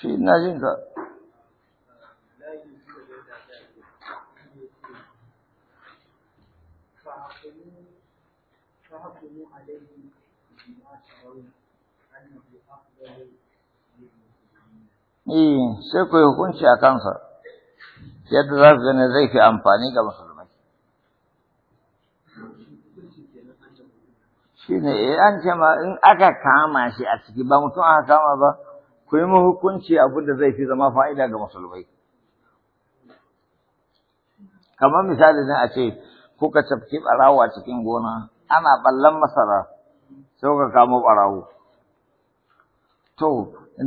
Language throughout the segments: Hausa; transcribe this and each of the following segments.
shi ina jin ka eh, sai ku hukunci a kansa, yadda za ku gani zai fi amfani ga musulmai. Shi ne, eh, an ce ma in aka kama shi a ciki ba mutum aka kama ba, ku yi mahukunci abin da zai fi zama fa'ida ga musulmai. Kamar misali ne a ce, kuka tafki ɓarawo a cikin gona, ana ɓallon masara, sai ka kamo ɓarawo. To,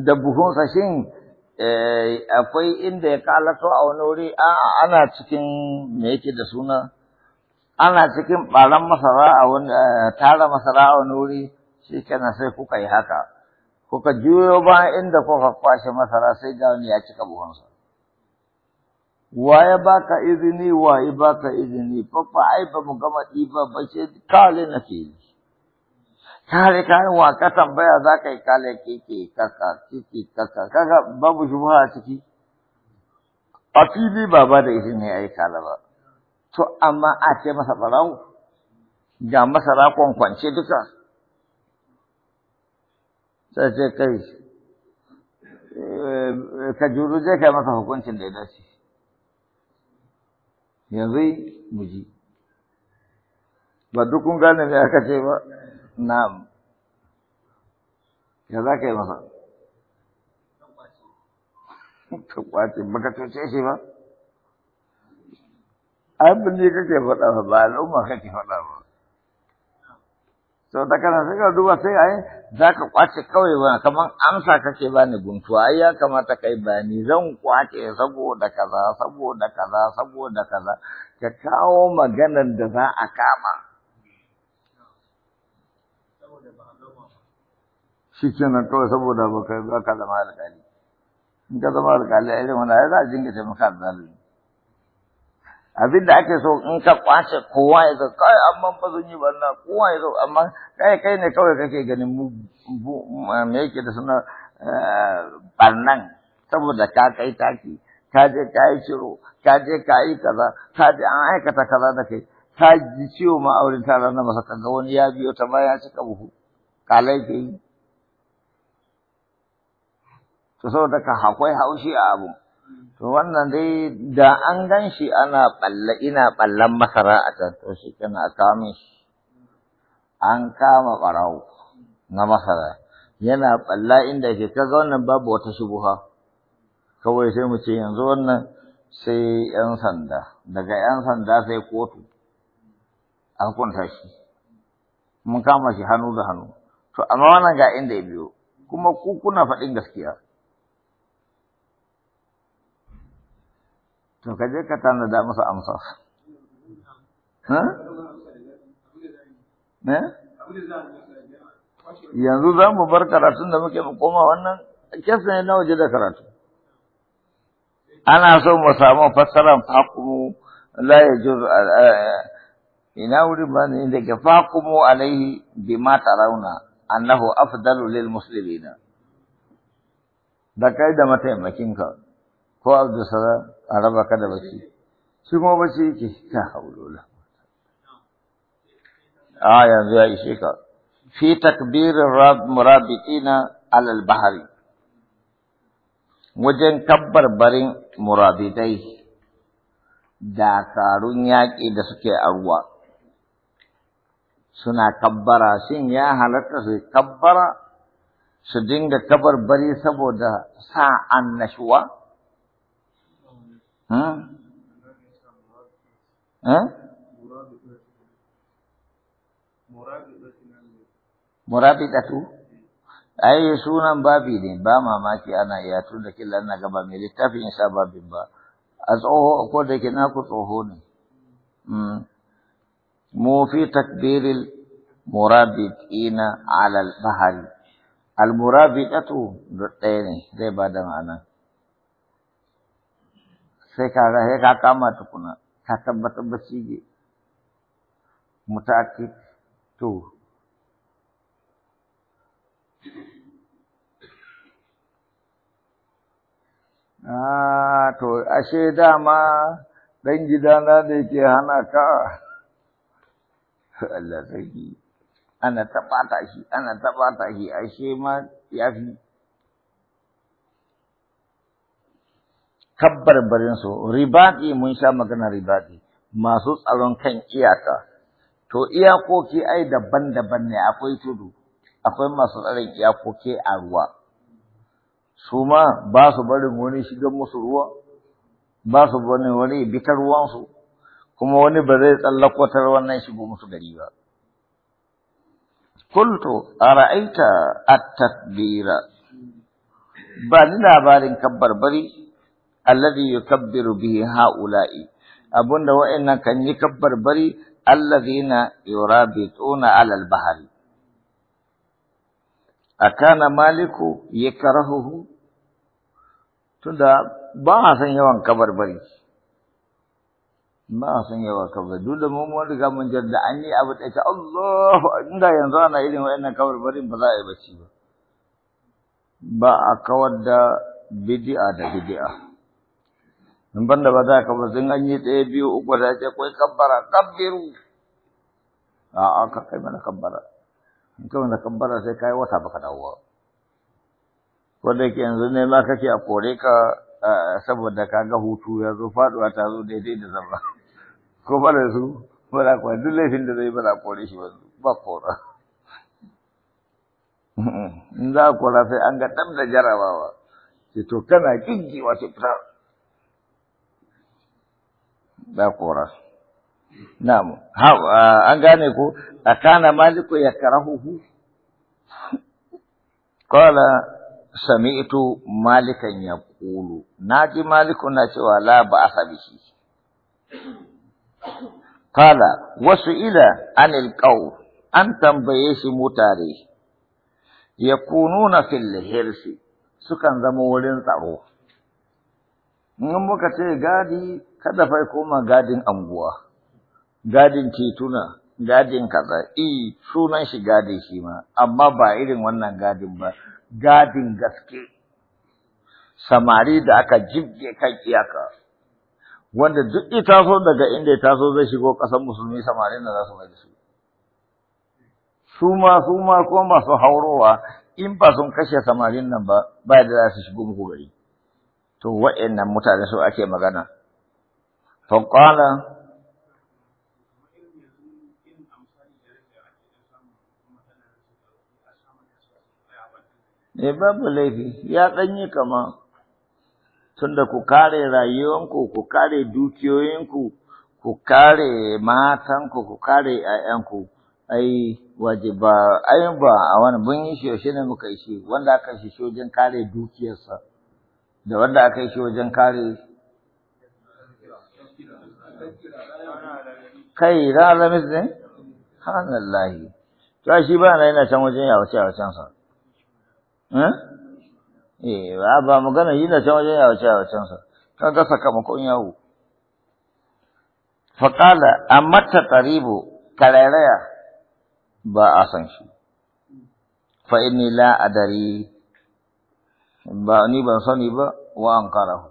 da buhunsa shin eh, akwai inda ya kalato a wani wuri, ana cikin me yake da suna, ana cikin ɓaran masara a wani, eh, tara masara a wani wuri, shi kenan sai kuka yi haka. kuka juyo ba inda kuka kwashe masara sai ga wani ya cika buhunsa wa ya baka izini wa ya baka izini fafa ai ba mu gama ɗiba ba ce kale na fili kare kayan wa ka tambaya za ka yi kale keke kaka keke kaka kaka babu shi a ciki a fili ba ba da izini ya yi kala ba to amma a ce masa ɓarawo ga masara kwankwance duka sai ce kai eh, ka zai kai masa hukuncin da ya dace yanzu mu ji ba duk kun gane me aka ce ba na'am ya za ka yi masa ka kwace baka cuce shi ba abin da kake faɗa ba al'umma kake faɗa ba to da kana sai ka duba sai ai za ka kwace kawai ba kamar amsa kake ba ni guntuwa ai ya kamata kai ni zan kwace saboda kaza saboda kaza saboda kaza ka kawo maganar da za a kama shi kenan kawai saboda ba ka zama alƙali in ka zama alƙali a irin wani ai za a jinga taimaka da zalimi abin da ake so in ka kwace kowa ya zo kai amma ba zan yi kowa ya zo amma kai kai ne kawai kake ganin mu me yake da suna eh, barnan saboda ka kai taki ka je ka yi shiro ka je ka yi kaza ka je an aikata kaza da kai ka ji ciwo ma aure ta ranar masa kaga wani ya biyo ta baya cika buhu kalai ke to saboda ka hakwai haushi a abu To wannan dai da an gan shi ana ɓalla ina ɓallan masara a can to shi kana kama shi. An kama ɓarawo na masara yana ɓalla inda ke kaga wannan babu wata shubuha. Kawai sai mu ce yanzu wannan sai ‘yan sanda, daga ‘yan sanda sai kotu an kunta shi. Mun kama shi hannu da hannu. To amma wannan ga inda ya biyo kuma ku kuna faɗin gaskiya. to ka je ka tanada masa amsa yanzu za mu bar karatun da muke koma wannan kes ne na waje da karatu ana so mu samu fassarar fakumu la yajuz eh, ina wurin ba ne da ke fakumu alaihi ma tarauna annahu afdalu lil muslimina da kai da mataimakinka ko salam a raba ka da shi kuma bacci yake ta haulola a yanzu ya ishe ka fi takbirin murabitina alal bahari wajen kabbar barin murabitai da dakarun yaƙi da suke a ruwa suna kabbara shin ya halatta su kabbara su dinga bari saboda sa annashuwa ha murabitatu ai sunan babi ne ba mamaki ana iya tun da kila ana gaba mai littafin sa babin ba a tsoho ko da ke naku tsoho ne hmm. mu fi takbiril murabitina ala al-bahari al-murabitatu ɗaya ne zai ba da ma'ana sai ka ga sai ka kama tukuna tabbatar ba shi ne mutaki to to ashe dama ɗan gidana da ke hana ka Allah sarki ana taɓata shi ashe ma ya fi kabbar barinsu ribaɗi mun sha magana ribaɗi masu tsaron kan iyaka to iyakoki ai daban-daban ne akwai tudu akwai masu tsaron iyakoki a ruwa su ma ba su barin wani shiga musu ruwa ba su barin wani bitar ruwansu kuma wani ba zai tsallakwatar wannan shigo musu gari ba kultu ara'aita at-tadbira ba ni labarin kabbar bari. الذي يكبر به هؤلاء أبن وإن كان يكبر بري الذين يرابطون على البحر أكان مالك يكرهه تندى بعثا يوان كبر بري ba a san yawa kabar duk da mun wani ga mun jarda an yi abu da ita Allahu inda yanzu ana irin wayannan kabarbarin ba za a yi bacci ba ba a kawar da bid'a da bid'a in banda ba za ka ba an yi ɗaya biyu uku da ce kai kabbara kabbiru a a ka kai mana kabbara in kai mana kabbara sai kai wata baka dawo wanda ke yanzu ne ma kake a kore ka saboda ka ga hutu ya zo faduwa ta zo daidai da zama ko ba da su ba da kuwa duk laifin da zai ba da kore shi ba kora in za a kora sai an ga dam da jarabawa ce to kana kinki wato fitar ba kora na'am an gane ko akana maliku yakrahuhu qala sami'tu malikan na naji maliku na cewa la ba asabihi qala wasu ila anil ƙau an tambaye shi mutare kununa fil hirsi sukan zama wurin tsaro in muka ce gadi kada fa koma gadin anguwa gadin tituna gadin kaza i sunan shi gadi shi ma amma ba irin wannan gadin ba gadin gaske samari da aka jibge kan iyaka wanda duk ya taso daga inda ya taso zai shigo ƙasar musulmi samari na za su mai da su. Su ma su ma ko masu haurowa in ba sun kashe samarin nan ba ba da za su shigo muku gari. to wa'annan mutane su ake magana qala ne eh, babu laifi ya danyi kama tunda ku kare rayuwanku ku kare dukiyoyinku ku kare matanku ku kare ‘ya'yanku ai wajiba ai ba a wani mun yi shi ne muka yi shi wanda aka shi shojin kare dukiyarsa da wanda aka yi shi wajen kare kai da alamis ne? ne? Hanallahi. Ta shi ba na yana can wajen yawace yawacensa. Eh? eh, ba ba magana yi na can wajen yawace yawacensa. Ka ga sakamakon yawo. Faƙala, amma ta ƙaribu, karairaya ba a san shi. Fa inni la adari ba ni ban sani ba wa an karahu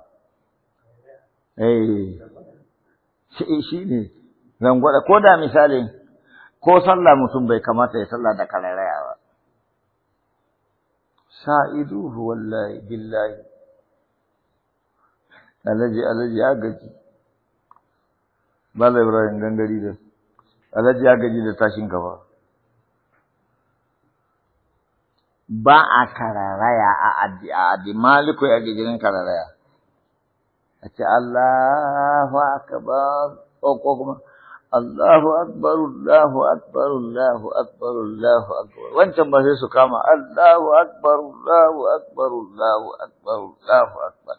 eh shi ne zan gwada ko da misali ko sallah mutum bai kamata ya sallah da kararraya ba Sa'idu wallahi billahi alaji alaji ya gaji ba ibrahim gangari da alaji ya gaji da tashin gaba ba a kararaya a addi a maliku ya gijirin kararaya a ce Allahu akbar ko kuma Allahu akbar Allahu akbar Allahu akbar Allahu akbar wancan ba sai su kama Allahu akbar Allahu akbar Allahu akbar Allahu akbar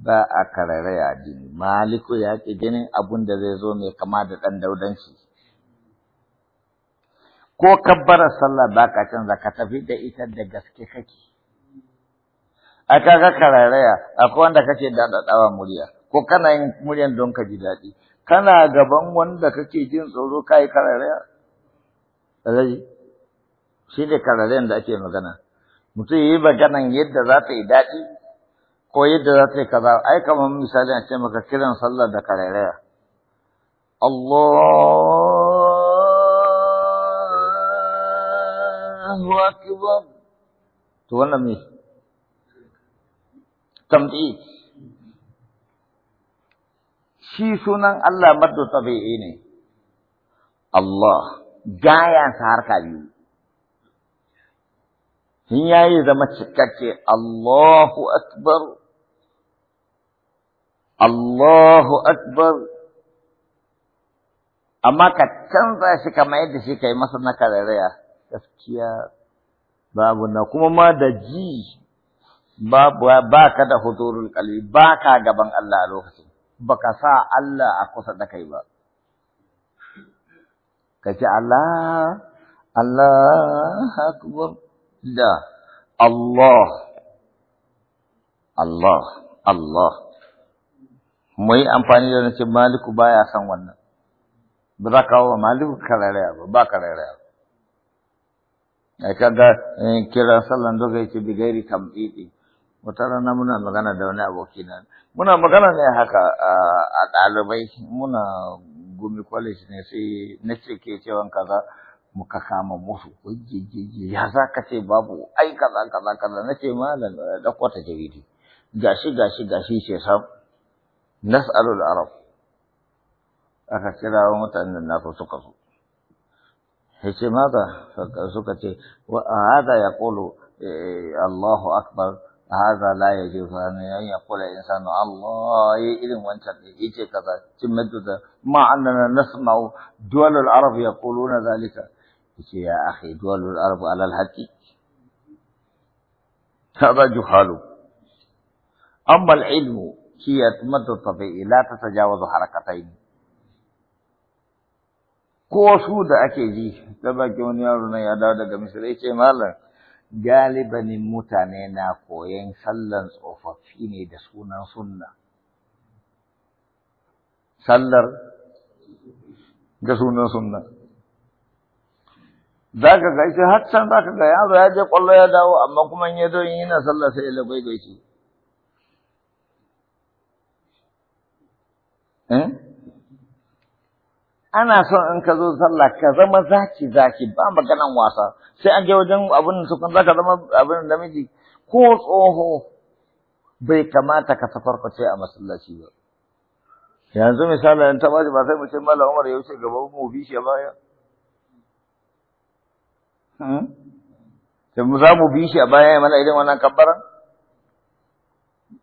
ba a kararaya addini maliku ya gijirin abunda da zai zo mai kama da dan daudanci ko kabbarar sallah ba ka canza ka tafi da ita da gaske kake a kaga kararaya akwai wanda kake daɗaɗawa murya ko kana yin muryan don ka ji daɗi kana gaban wanda kake jin tsoro ka yi kararaya alhaji shi ne kararayan da ake magana mutum yi maganan yadda za ta yi daɗi ko yadda za ta yi kaza ai kamar misali a ce maka kiran sallah da kararaya Allah Allahu akbar to wannan me tamti shi sunan Allah maddu tabi'i ne Allah gaya sa harka biyu in yayi zama cikakke Allahu akbar Allahu akbar amma ka canza shi kamar yadda shi kai masa na kararraya gaskiya babu na kuma ma da ji babu ba ka da huzurul qalbi ba ka gaban Allah a lokacin baka sa Allah a kusa da kai ba kace Allah Allah akbar da Allah Allah Allah mai amfani da nace maliku baya san wannan ba za ka kawo maliku kalare ba ba kalare ba Eh, kaga eh, kira sallan doga yake bi gairi tamdidi wata rana muna magana da wani aboki na muna magana ne haka a ɗalibai muna gumi college ne sai na ce ke cewan kaza muka kama musu hujjijiji ya za ka ce babu ai kaza kaza kaza na ce malam da eh, kwata jawidi gashi gashi gashi ce sam nas'alul arab aka kira mutanen na suka zo هسه ماذا سكت وهذا يقول إيه، إيه، الله أكبر هذا لا يجوز يعني أن يقول الإنسان الله إذن إيه، وانت إيجي كذا تمدد ما أننا نسمع دول العرب يقولون ذلك يا أخي دول العرب على الحق هذا جهال أما العلم هي تمدد الطبيعي لا تتجاوز حركتين ko su da ake ji ta baki wani yaro na ya dawo daga misira ce malam galibani mutane na koyan sallan tsofaffi ne da sunan sunna sallar da sunan sunna za ka ga shi har za ka ga yaro ya je kwallo ya dawo amma kuma in ya zo yana sallar sai ya lagwaigwaice eh ana so in ka zo sallah ka zama zaki zaki ba maganan wasa sai an je wajen abin da sukan zaka zama abin da miji ko tsoho bai kamata ka ce a masallaci ba yanzu misali in ta bashi ba sai mu ce mallam Umar ya wuce gaba mu bi shi baya hmm? sai mu za mu bi shi a baya mana idan wannan kabbaran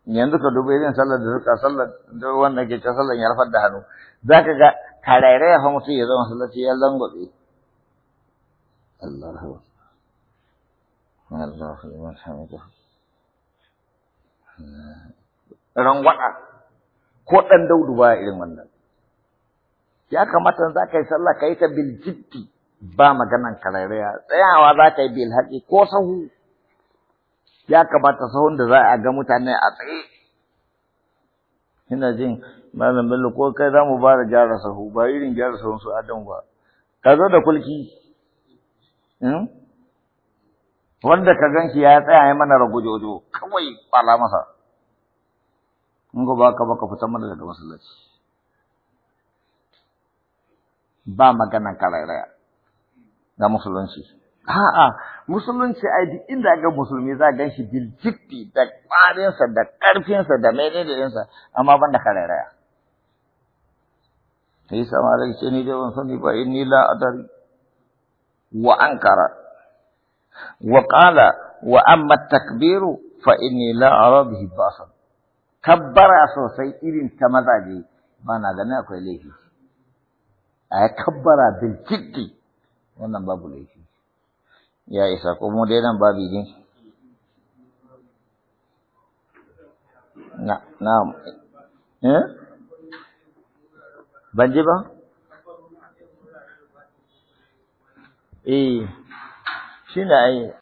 yanzu ka dubi irin sallar da suka sallar da wanda ke ta sallar ya rafar da hannu za ka ga karairai ya fa mutum ya zama sallaci ya langwabe Allah hawa Allah liman hamidu rangwada ko dan daudu ba irin wannan ya kamata za ka yi sallah ka yi ta bil jiddi ba maganan karairaya tsayawa za ka yi bil haƙi ko sahu ya kamata sahun da za a ga mutane a tsaye ina jin malam bello ko kai za mu ba da gyara sahu ba irin gyara sahun su adam ba ka zo da kulki hmm? wanda ka gan shi ya tsaya ya mana ragujojo kawai kwala masa in ko ba ka ba ka fita mana daga masallaci ba maganan karairaya ga musulunci A'a, musulunci ai duk inda ga musulmi za gan shi bil jiddi da ƙwarinsa da ƙarfinsa da menenensa amma ban da karairaya. Sai sama da ce ni dai ban sani ba inni la adari wa ankara wa qala wa amma takbiru fa inni la ara bihi basan. Kabbara sosai irin ta mazaje ba na ganin akwai laifi. A kabbara bil jiddi wannan babu laifi. ya isa ko mu dai nan babi ne na na eh ban ba eh shi ne ai